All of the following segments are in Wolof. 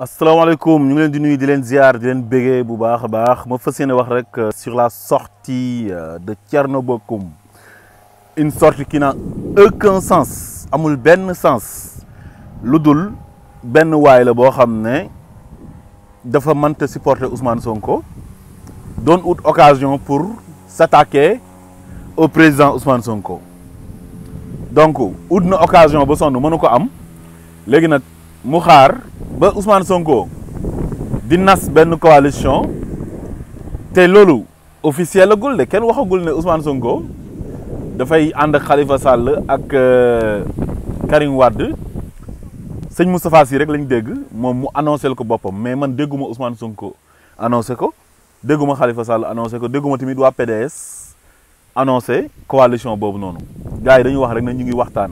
Assalamu ñu Nous leen di nuyu di leen ziar di leen bégee bu baax baax ma wax euh, sur la sortie euh, de Tchernobyl, une sortie qui n'a aucun sens amul benn sens Le dul benn le la boo xam supporter Ousmane Sonko donne une occasion pour s'attaquer au président Ousmane Sonko donc une occasion ba sonn mënu ko am léegi mu ba Ousmane Sonko d'innas ben coalition té lolu officiel la de waxagul ne Ousmane Sonko da fay Khalifa Sall ak euh, Karim Wade Seigne Moustapha Sy rek lañ dégg mom mu annoncé ko bopam mais man dégguma Ousmane Sonko annoncé ko dégguma Khalifa Sall annoncé ko dégguma PDS annoncé coalition wax rek ñu ngi waxtaan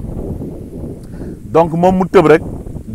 donc mu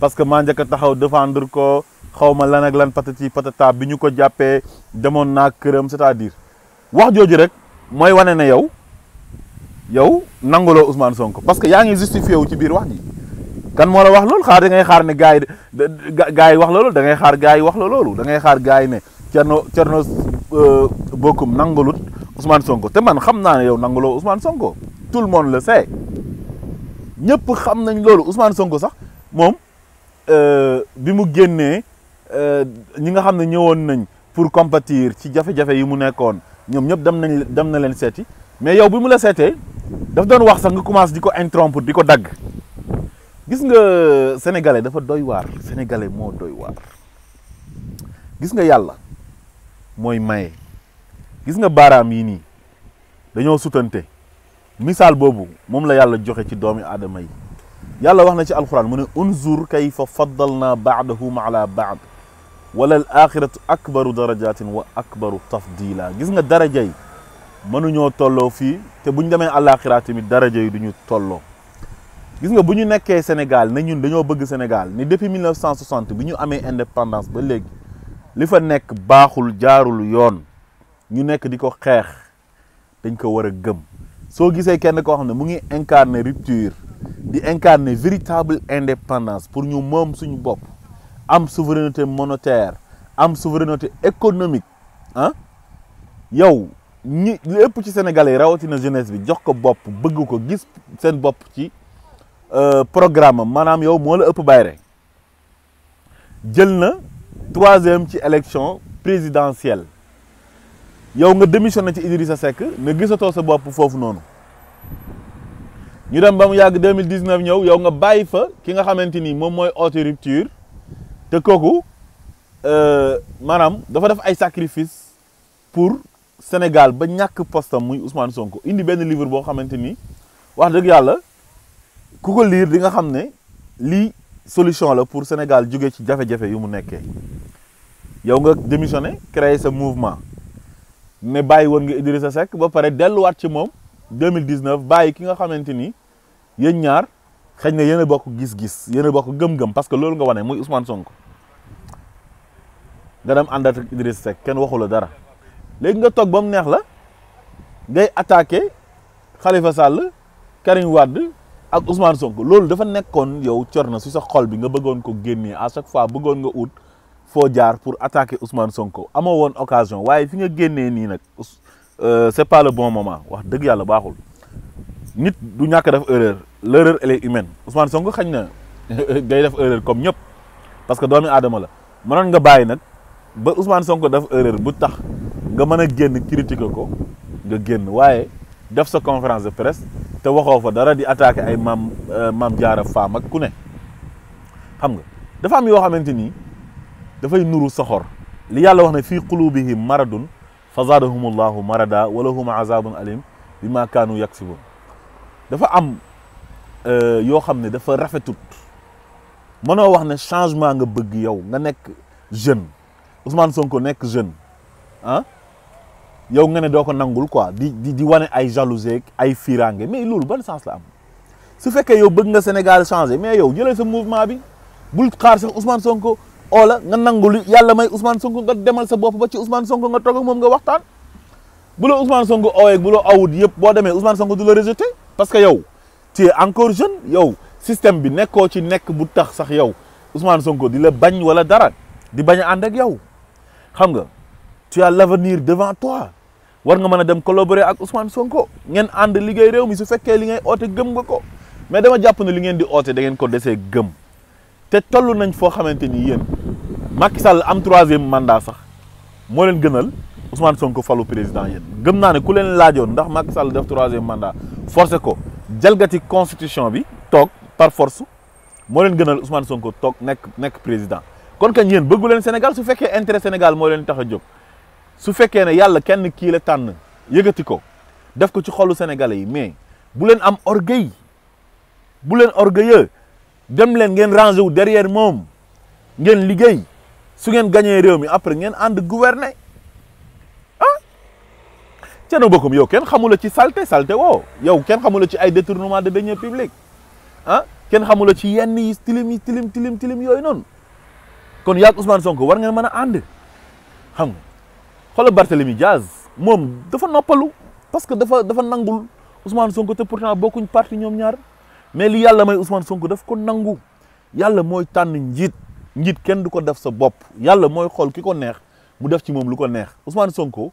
parce que maa njëkk taxaw défendre ko xaw ma lan ak lan patati patata bi ñu ko jàppee demoon naa këram c'est-à-dire wax jooju rek mooy wane ne yow yow nanguloo Ousmane Sonko parce que yaa ngi justifié wu ci biir wax ji kan moo la wax loolu xaar da ngay xaar ne gars yi gars yi wax la loolu dangay xaar gars yi wax la loolu da ngay xaar gars yi ne Thierno Thierno euh, Bocoum nangulut Ousmane Sonko te man xam naa ne yow nanguloo Ousmane Sonko tout le monde le sait ñëpp xam nañ loolu Ousmane Sonko sax moom. Euh, bi mu génnee euh, ñi nga xam ne ñëwoon nañ pour compatir ci jafe-jafe yi mu nekkoon ñoom ñëpp dem nañ dem na leen seeti mais yow bi mu la seetee daf doon wax sax nga commence di ko interrompre di ko dagg gis nga sénégalais dafa doy waar sénégalais moo doy waar gis nga yàlla mooy maye gis nga baaraam yi nii dañoo sutante misaal boobu moom la yàlla joxe ci doomi aadama yi يلا واحنا في القران من انظر كيف فضلنا بعضهم على بعض ولا الآخرة أكبر درجات وأكبر تفضيلا جزنا درجة منو نيو تولو في تبون دمي الآخرة تمي درجة دنيو تولو جزنا بني نك سنغال نيو دنيو بغ سنغال ني دبي 1960 بني أمي إندبندنس بلغ لفا نك باخل جار اليون ني نك ديكو خير دنكو ورا جم سو جيسي كأنك أخنا مني إنكار نريتير d'incarner incarner véritable indépendance pour ñu mêmes suñu bop am souveraineté monétaire am souveraineté économique hein, yow ñi lepp ci sénégalais na jeunesse bi jox ko bop bëgg ko gis seen bop ci euh, programme manam yow mo la ëpp bayré jël na troisième ci élection présidentielle yow nga démissionné ci Idrissa Seck ne gisatoo sa bop fofu nonu ñu dem ba mu yàgg 2019 ñëw yow nga bàyyi fa ki nga xamante ni moom mooy haute rupture te kooku euh, maanaam dafa def ay sacrifice pour Sénégal ba ñàkk postam muy Ousmane Sonko indi benn livre boo xamante ni wax dëgg yàlla ku ko lire di nga xam ne lii solution la pour Sénégal jóge ci jafe-jafe yu mu nekkee yow nga démissionné créer sa mouvement ne bàyyi woon nga sa Seck ba pare delluwaat ci moom 2019 bàyyi ki nga xamante ni. yéen ñaar xëy na yéen bokk gis-gis yéen bokk gëm-gëm parce que loolu nga wane muy Ousmane Sonko nga dem àndaat ak Idriss kenn waxula dara léegi nga toog ba mu neex la ngay attaqué Khalifa Sall Karim Wade ak Ousmane Sonko loolu dafa nekkoon yow cor na si sa xol bi nga bëggoon ko génnee à chaque fois bëggoon nga ut foo jaar pour attaquer Ousmane sonk amoo woon occasion waaye fi nga génnee nii nag euh, c'est pas le bon moment wax dëgg yàlla baaxul nit du ñàkk def erreur. l'erreur elle est humaine Ousmane Sonko xagn na day def erreur comme ñep parce que doomi adama la mënoon nga bàyyi nak ba Ousmane Sonko def erreur bu tax nga mën génn critiquer ko nga génn waye def sa conférence de presse te waxo fa dara di attaquer ay mam mam jaara fam ak ku ne xam nga dafa am yo xamanteni da fay nuru soxor li yàlla wax ne fi qulubihim maradun fa zaadahum marada wa lahum azabun alim bima kanu yaksubun yaksibun dafa am Euh, yo xamné dafa rafetout wax né changement nga bëgg yow nga jeune Ousmane Sonko nek jeune ah yow nga né doko nangul quoi di di di wane ay jalousie ay firangé mais loolu sens la am su que yow bëgg nga Sénégal changé mais yow jëlé sa mouvement bi bul xaar Ousmane Sonko nga nangul yalla may Ousmane Sonko nga démal sa Ousmane Sonko nga ak Ousmane Sonko awut Ousmane Sonko parce que tu es encore jeune yow système bi nekkoo ci nek bu tax sax yow Ousmane Sonko di la bagn wala dara di bañ a ak yow xam nga tu as l'avenir devant toi war nga mën dem collaborer ak Ousmane Sonko ngeen and liggéey réew mi su fekke li ngay oote gëm nga ko mais dama japp ne li ngeen di oote da ngeen ko déssé gëm té tollu nañ fo xamanteni yeen yéen Macky Sall am mandat sax mo leen gënal Ousmane Sonko fallu président yeen gëm naa ne ku leen laajoon ndax Macky Sall def 3e mandat forcé ko jalgati constitution bi tok par force mo len gënal Ousmane Sonko tok nek nek président kon ka ñeen bëggu len Sénégal su fekkee intérêt Sénégal mo len taxa a su fekkee né Yalla kenn ki la tànn yëgati ko def ko ci xolu sénégalais yi mais bu len am orgueil bu len orgueilleux dem len ngeen ranger derrière mom ngeen liggéey su ngeen gagner réew mi après ngeen and gouverner. Thierno bokum yow ken xamul ci salté salté wo yow kenn xamul ci ay détournement de deniers publics ah ken xamul ci yenn yi tilim tilim tilim tilim yoy non kon yak Ousmane Sonko war nga mëna and xam nga xol Barthélemy jazz mom dafa noppalu parce que dafa dafa nangul Ousmane Sonko te pourtant bokkuñ parti ñom ñaar mais li yalla may Ousmane Sonko daf ko nangu yalla moy tan njit njit ken duko ko def sa bop yalla moy xol ki neex mu def ci mom lu ko neex Ousmane Sonko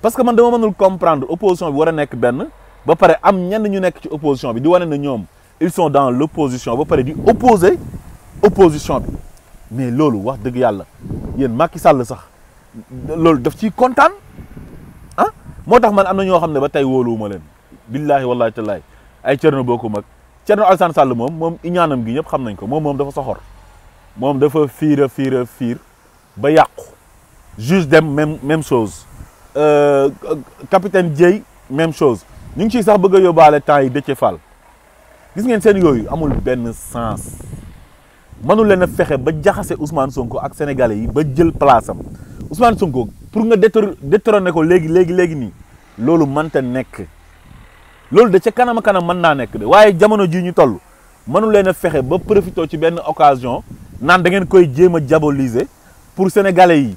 parce que man dama mënul comprendre opposition bi wara nek ben ba paré am ñu ci opposition bi di wone na ñom ils sont dans l'opposition. vous ba paré di opposer opposition bi mais lolu wax deug yalla yeen Macky Sall sax lolu daf contents. hein ah? motax man am ñoo ba tay woluuma len billahi wallahi ay cerno Je Sall mom mom iñanam gi ñep xam ko moom moom dafa soxor moom dafa a ba juge dem même même chose Euh, capitaine Dieye même chose ñu ngi ciy sax bëgg a yóbbaale temps yi Déthié Fall gis ngeen seen yooyu amul benn sens mënu leen fexe ba jaxase Ousmane Sonko ak sénégalais yi ba jël place am Ousmane Sonko pour nga détr détrôner ko léegi léegi léegi nii loolu mënta nekk loolu de ca kanam a kanam mën naa nekk de waaye jamono ji ñu toll mënu leen a fexe ba profité ci benn occasion naan da ngeen koy jéem a diaboliser pour sénégalais yi.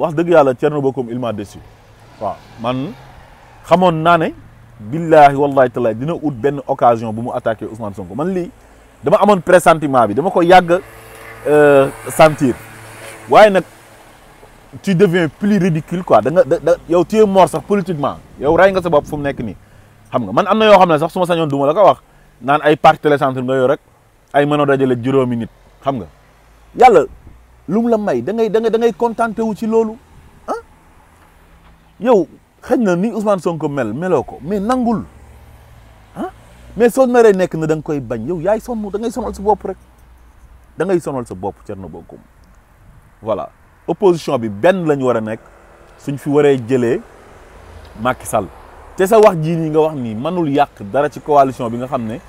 wax deug yalla Thierno Bocoum il m'a déçu wa man xamone nané billahi wallahi wallaahi dina out ben occasion bu mu attaqué Ousmane Sonko man li dama amone pressentiment bi dama ko yag euh sentir waye nak tu deviens plus ridicule quoi da nga yow tu es mort sax politiquement yow ray nga sa bop fu nek ni xam nga man amna yo xamné sax suma ma duma la ko wax nan ay parc télécentre nga yow rek ay mënoo dajale juróomi nit xam nga yalla lum la may da ngay da ngay da ngay contenté wu ci lolu ah yow xëy na ni Ousmane Sonko mel meloko mais nangul ah mais son mère nek na dang koy bañ yow yaay sonu da ngay sonal sa bop rek da ngay sonal sa bop cerno bokum voilà opposition bi ben lañ wara nek suñ fi waree jëlé Macky Sall té sa wax ji ni nga wax ni manul yak dara ci coalition bi nga xamné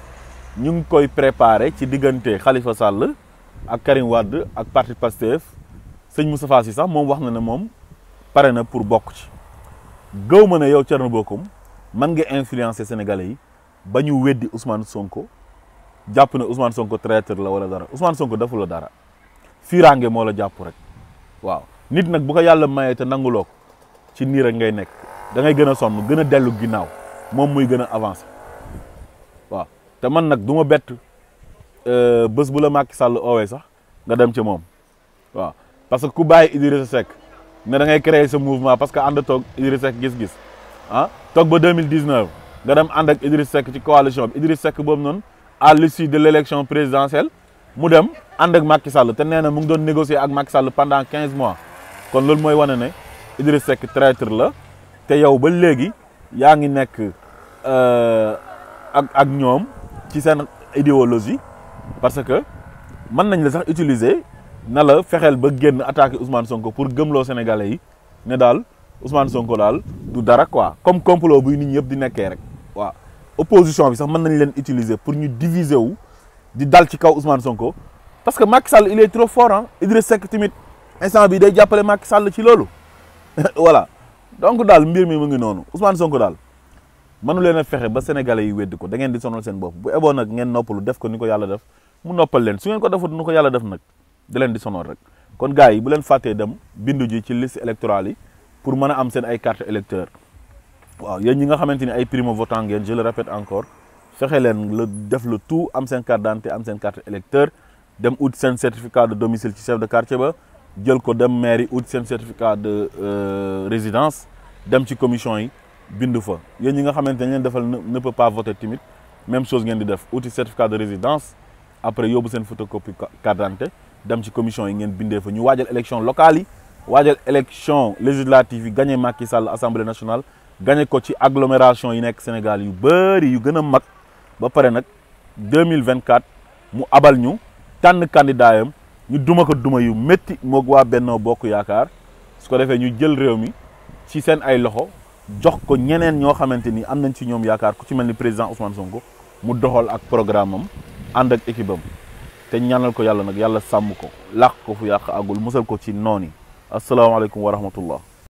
ñu ngi koy préparer ci digënté Khalifa Sall. ak Karim Wade ak parti Pastef sëñ Moustapha Sy sax moom wax na ne moom pare na pour bokk ci gëw ma ne yow Thierno Bocoum man nga influencer sénégalais yi ba ñu weddi Ousmane Sonko jàpp ne Ousmane Sonko traiteur la wala dara Ousmane Sonko deful la dara fiiraange moo la jàpp rek waaw nit nag bu ko yàlla mayee te nanguloo ko ci nii rek ngay nekk dangay ngay gën a sonn gën a dellu ginnaaw moom muy gën a avancer waaw te man nag du bett. Euh, bés bu la Macky Sall oowee sax nga dem ci mom wa parce que ku bàyyi Idrissa Seck né da ngay créer ce mouvement parce que ande tok Idrissa Seck gis-gis ah tok ba 2019 nga dem ànd ak Idrissa Seck ci coalition bi Idrissa Seck boobu non à l'issue de l'élection présidentielle mu dem ànd ak Macky Sall té néna mu ngi doon négocier ak Macky Sall pendant 15 mois kon lool moy wane né Idrissa Seck traître la té yow ba légui yaa ngi nekk euh, ak ak ñoom ci seen idéologie parce que mën nañ la sax utiliser na la fexeel ba guen attaquer Ousmane Sonko pour gëmloo Sénégalais yi né dal Ousmane Sonko dal du dara quoi comme complot bu nit ñëpp di nekké rek wa opposition bi sax mën nañ leen utiliser pour ñu diviser wu di dal ci kaw Ousmane Sonko parce que Macky Sall il est trop fort hein Idriss Seck tamit instant bi day jappalé Macky Sall ci lolu voilà donc dal mbir mi mu ngi non, Ousmane Sonko dal mënu leen fexe ba sénégalais yi weddi ko da ngeen di sonal seen bopp bu eboon nag ngeen noppalu def ko ni ko yàlla def mu noppal leen su ngeen ko defut ni ko yàlla def nag da leen di sonal rek kon gars yi bu leen fàttee dem bindu ji ci liste électorale yi pour mën a am seen ay carte électeur waaw yeen ñi nga xamante ni ay primo votant ngeen je le répète encore fexe leen la def le tout am seen carte d'identité am seen carte électeur dem ut seen certificat de domicile ci chef de quartier ba jël ko dem mairie ut seen certificat de euh, résidence dem ci commission yi bindu fa yéen ñi nga xamante ne defal ne peut pas voter timide même chose ngeen di def outil certificat de résidence après yóbbu une photocopie carte d'identité dem ci commission yi ngeen bindee fa ñu waajal élection locale yi waajal élection législative yi gagné Macky Sall assemblée nationale gagné ko ci agglomération yi nekk Sénégal yu bëri yu gën a mag ba pare nag 2024 mu abal ñu tànn candidat yam ñu duma ko duma yu métti moog waa Bennoo Bokk Yaakaar su ko defee ñu jël réew mi ci seen ay loxo jox ko ñeneen ñoo xamante ni am nañ ci ñoom yaakaar ku ci mel ni président Ousmane Sonko mu doxal ak programme am ànd ak équipe am te ñanal ko yàlla nag yàlla sàmm ko làq ko fu yàq agul musal ko ci noon yi asalaamaaleykum wa rahmatullah